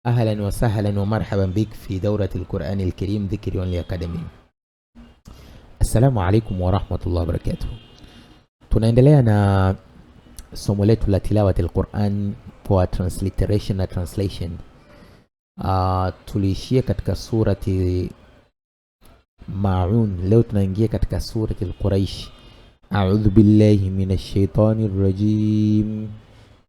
Ahlan wa sahlan wa marhaban bik fi daurati lqurani lkarim dhikri only academy. Assalamu alaikum warahmatullahi wabarakatuh. Tunaendelea na somo letu la tilawati lquran kwa transliteration na translation. Uh, tuliishia katika surati Maun, leo tunaingia katika surati lquraish. Audhu billahi min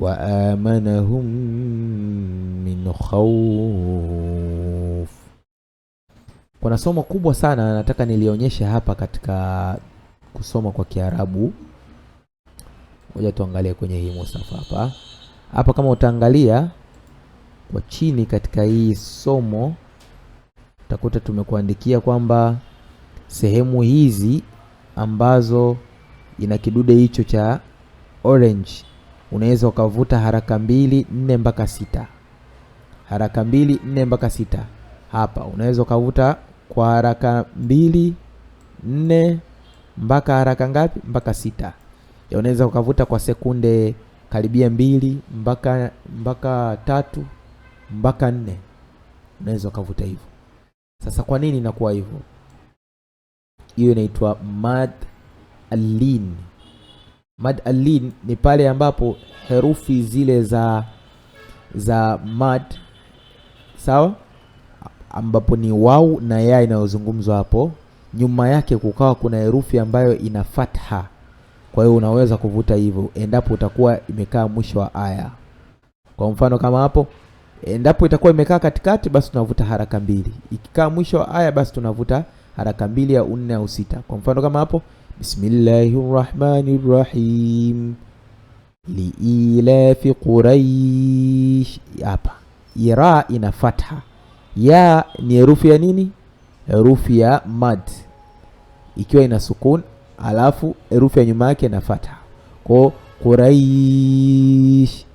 وآمنهم min khawf. Kuna somo kubwa sana nataka nilionyesha hapa katika kusoma kwa Kiarabu. Ngoja tuangalie kwenye hii musafa hapa hapa, kama utaangalia kwa chini katika hii somo utakuta tumekuandikia kwamba sehemu hizi ambazo ina kidude hicho cha orange unaweza ukavuta haraka mbili nne mpaka sita. Haraka mbili nne mpaka sita hapa unaweza ukavuta kwa haraka mbili nne mpaka haraka ngapi? Mpaka sita. Unaweza ukavuta kwa sekunde karibia mbili mpaka mpaka tatu mpaka nne, unaweza ukavuta hivyo. Sasa kwa nini inakuwa hivyo? Hiyo inaitwa mad lean Mad alin ni pale ambapo herufi zile za za mad sawa, ambapo ni wau na ya inayozungumzwa hapo, nyuma yake kukawa kuna herufi ambayo ina fatha. Kwa hiyo unaweza kuvuta hivyo endapo utakuwa imekaa mwisho wa aya. Kwa mfano kama hapo, endapo itakuwa imekaa katikati, basi tunavuta haraka mbili. Ikikaa mwisho wa aya, basi tunavuta haraka mbili au nne au sita. Kwa mfano kama hapo بسم الله الرحمن الرحيم لإيلاف قريش hapa ira ina fatha ya ni herufi ya nini herufi ya mad ikiwa ina sukun alafu herufi ya nyuma yake ina fatha kwa quraish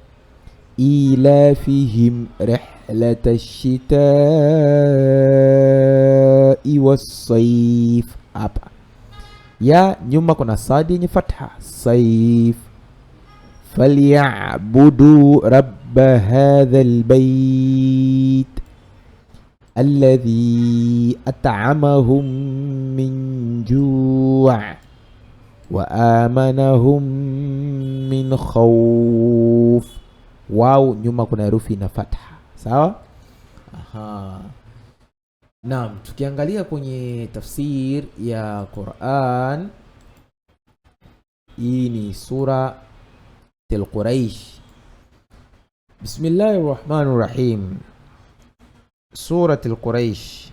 ilafihim rihlata shitai wasaif hapa ya nyuma kuna sadi yenye fatha saif. Falyabudu rabba hadha albayt alladhi at'amahum min ju' wa amanahum min khawf. Wau nyuma kuna herufi na fatha sawa. Aha. Naam, tukiangalia kwenye tafsir ya Quran, hii ni sura Al-Quraish. Bismillahir Rahmanir Rahim. Surat Al-Quraish.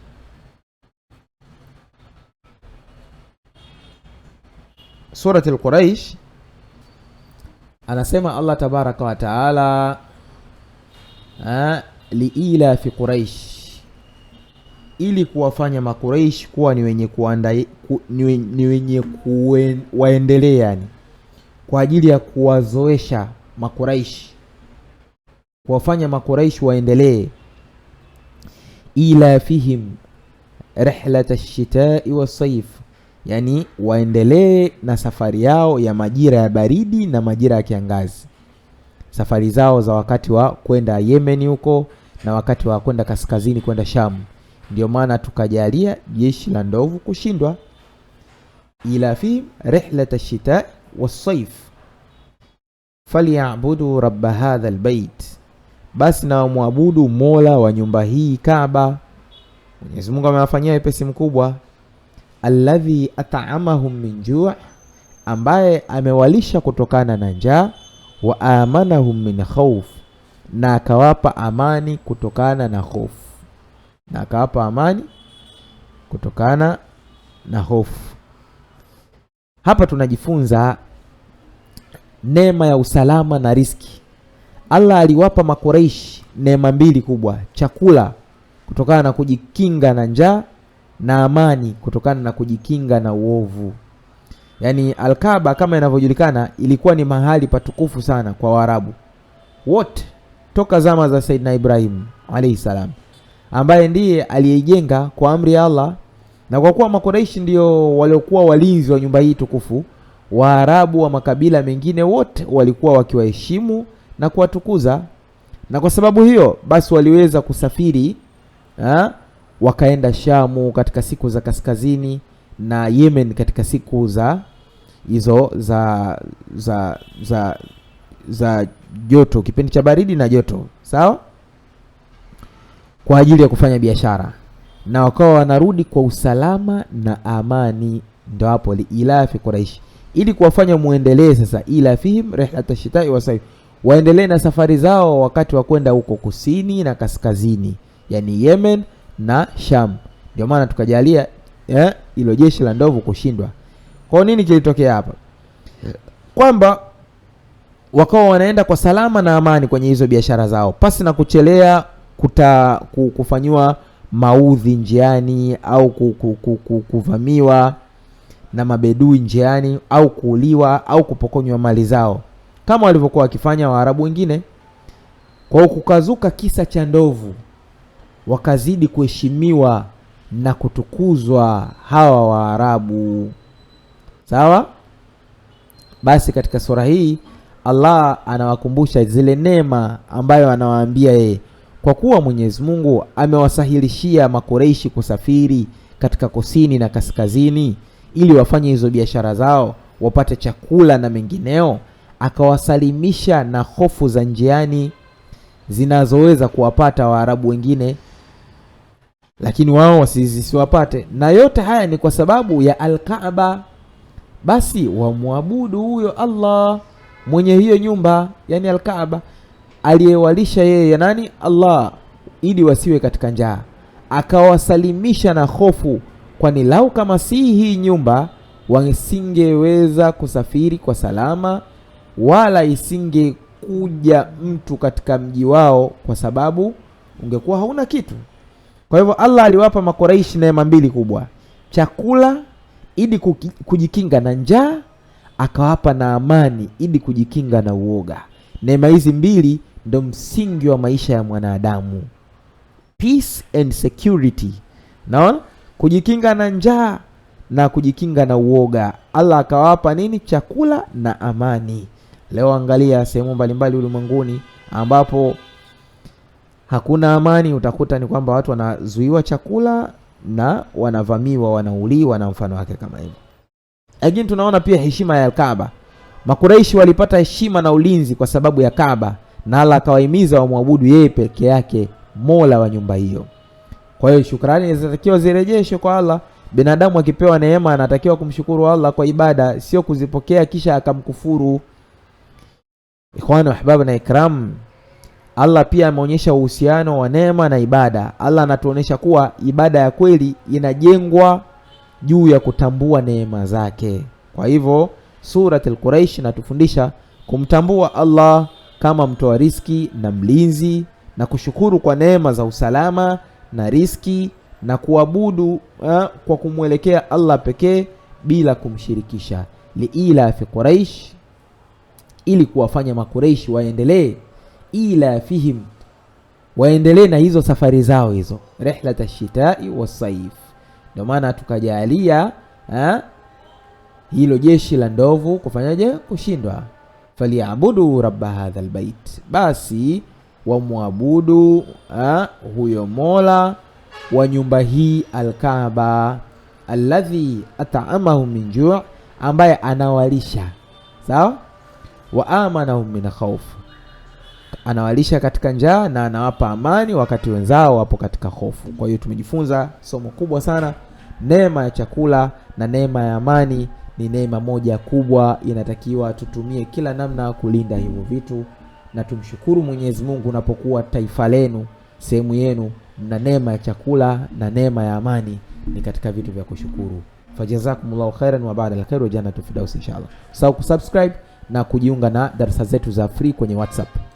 Surat Al-Quraish anasema Allah tabaraka wa taala liila fi Quraish ili kuwafanya Makuraishi kuwa ni wenye kuanda, ku, ni, ni wenye kuwaendelea yani, kwa ajili ya kuwazoesha Makuraishi, kuwafanya Makuraishi waendelee. Ila fihim rihlata shitai wasaif, yani waendelee na safari yao ya majira ya baridi na majira ya kiangazi, safari zao za wakati wa kwenda Yemeni huko na wakati wa kwenda kaskazini kwenda Shamu. Ndio maana tukajalia jeshi la ndovu kushindwa. ila fi ash-shita shitai sayf falyabudu rabb hadha albayt, basi na wamwabudu mola wa nyumba hii Kaaba. Mwenyezi Mungu amewafanyia wepesi mkubwa. alladhi at'amahum min ju', ambaye amewalisha kutokana na njaa. wa amanahum min khawf, na akawapa amani kutokana na hofu na akawapa amani kutokana na hofu. Hapa tunajifunza neema ya usalama na riski. Allah aliwapa Makoreishi neema mbili kubwa, chakula kutokana na kujikinga na njaa na amani kutokana na kujikinga na uovu. Yaani, alkaba kama inavyojulikana ilikuwa ni mahali patukufu sana kwa Waarabu wote toka zama za Saidina Ibrahim alaihi salam ambaye ndiye aliyeijenga kwa amri ya Allah, na kwa kuwa Makuraishi ndio waliokuwa walinzi wa nyumba hii tukufu, Waarabu wa makabila mengine wote walikuwa wakiwaheshimu na kuwatukuza, na kwa sababu hiyo basi waliweza kusafiri ha? wakaenda Shamu katika siku za kaskazini na Yemen katika siku za hizo za za za za joto, kipindi cha baridi na joto, sawa kwa ajili ya kufanya biashara na wakawa wanarudi kwa usalama na amani. Ndio hapo liilafi Quraish, ili kuwafanya muendelee sasa, ila fihim rihlata shitai wasai, waendelee na safari zao wakati wa kwenda huko kusini na kaskazini, yani Yemen na Sham. Ndio maana tukajalia eh, ilo jeshi la ndovu kushindwa. Kwa nini kilitokea hapa? Kwamba wakawa wanaenda kwa salama na amani kwenye hizo biashara zao pasi na kuchelea kuta kufanyiwa maudhi njiani au kuvamiwa na mabedui njiani au kuuliwa au kupokonywa mali zao kama walivyokuwa wakifanya Waarabu wengine. Kwa kukazuka kisa cha ndovu, wakazidi kuheshimiwa na kutukuzwa hawa Waarabu. Sawa. Basi katika sura hii Allah anawakumbusha zile neema ambayo anawaambia yeye kwa kuwa Mwenyezi Mungu amewasahilishia Makoreishi kusafiri katika kusini na kaskazini, ili wafanye hizo biashara zao, wapate chakula na mengineo, akawasalimisha na hofu za njiani zinazoweza kuwapata Waarabu wengine, lakini wao wasizisiwapate. Na yote haya ni kwa sababu ya Alkaaba. Basi wamwabudu huyo Allah mwenye hiyo nyumba, yani Alkaaba aliyewalisha yeye ya nani? Allah, ili wasiwe katika njaa, akawasalimisha na hofu, kwani lau kama si hii nyumba wasingeweza kusafiri kwa salama, wala isingekuja mtu katika mji wao, kwa sababu ungekuwa hauna kitu. Kwa hivyo Allah aliwapa Makoraishi neema mbili kubwa, chakula ili kujikinga na njaa, akawapa na amani ili kujikinga na uoga. Neema hizi mbili ndo msingi wa maisha ya mwanadamu, peace and security. Naona kujikinga na njaa na kujikinga na uoga. Allah akawapa nini? Chakula na amani. Leo angalia sehemu mbalimbali ulimwenguni ambapo hakuna amani, utakuta ni kwamba watu wanazuiwa chakula na wanavamiwa, wanauliwa na mfano wake kama hivyo. Lakini tunaona pia heshima ya Kaaba. Makuraishi walipata heshima na ulinzi kwa sababu ya Kaaba nala akawahimiza wamwabudu yeye peke yake, mola wa nyumba hiyo. Kwa hiyo shukrani zinatakiwa zirejeshwe kwa Allah. Binadamu akipewa neema anatakiwa kumshukuru Allah kwa ibada, sio kuzipokea kisha akamkufuru. Ikhwani wahbabu na ikram, Allah pia ameonyesha uhusiano wa neema na ibada. Allah anatuonyesha kuwa ibada ya kweli inajengwa juu ya kutambua neema zake. Kwa hivyo Suratul Quraish inatufundisha kumtambua Allah kama mtoa riski na mlinzi, na kushukuru kwa neema za usalama na riski, na kuabudu ha, eh, kwa kumwelekea Allah pekee bila kumshirikisha. liilafi fi Quraish, ili kuwafanya Makureishi waendelee ila fihim waendelee na hizo safari zao hizo, rihlata shitai wasaif. Ndio maana tukajalia eh, hilo jeshi la ndovu kufanyaje kushindwa faliabudu rabba hadha albayt, basi wamwabudu huyo mola wa nyumba hii Alkaaba, alladhi atamahu min ju', ambaye anawalisha sawa, wa amanahum min khauf, anawalisha katika njaa na anawapa amani wakati wenzao wapo katika hofu. Kwa hiyo tumejifunza somo kubwa sana, neema ya chakula na neema ya amani ni neema moja kubwa, inatakiwa tutumie kila namna kulinda hivyo vitu, na tumshukuru Mwenyezi Mungu unapokuwa taifa lenu, sehemu yenu mna neema ya chakula na neema ya amani, ni katika vitu vya kushukuru. Fajazakumullahu khairan wa ba'da alkhair wa jannatu firdaus inshallah. Usahau kusubscribe na kujiunga na darasa zetu za free kwenye WhatsApp.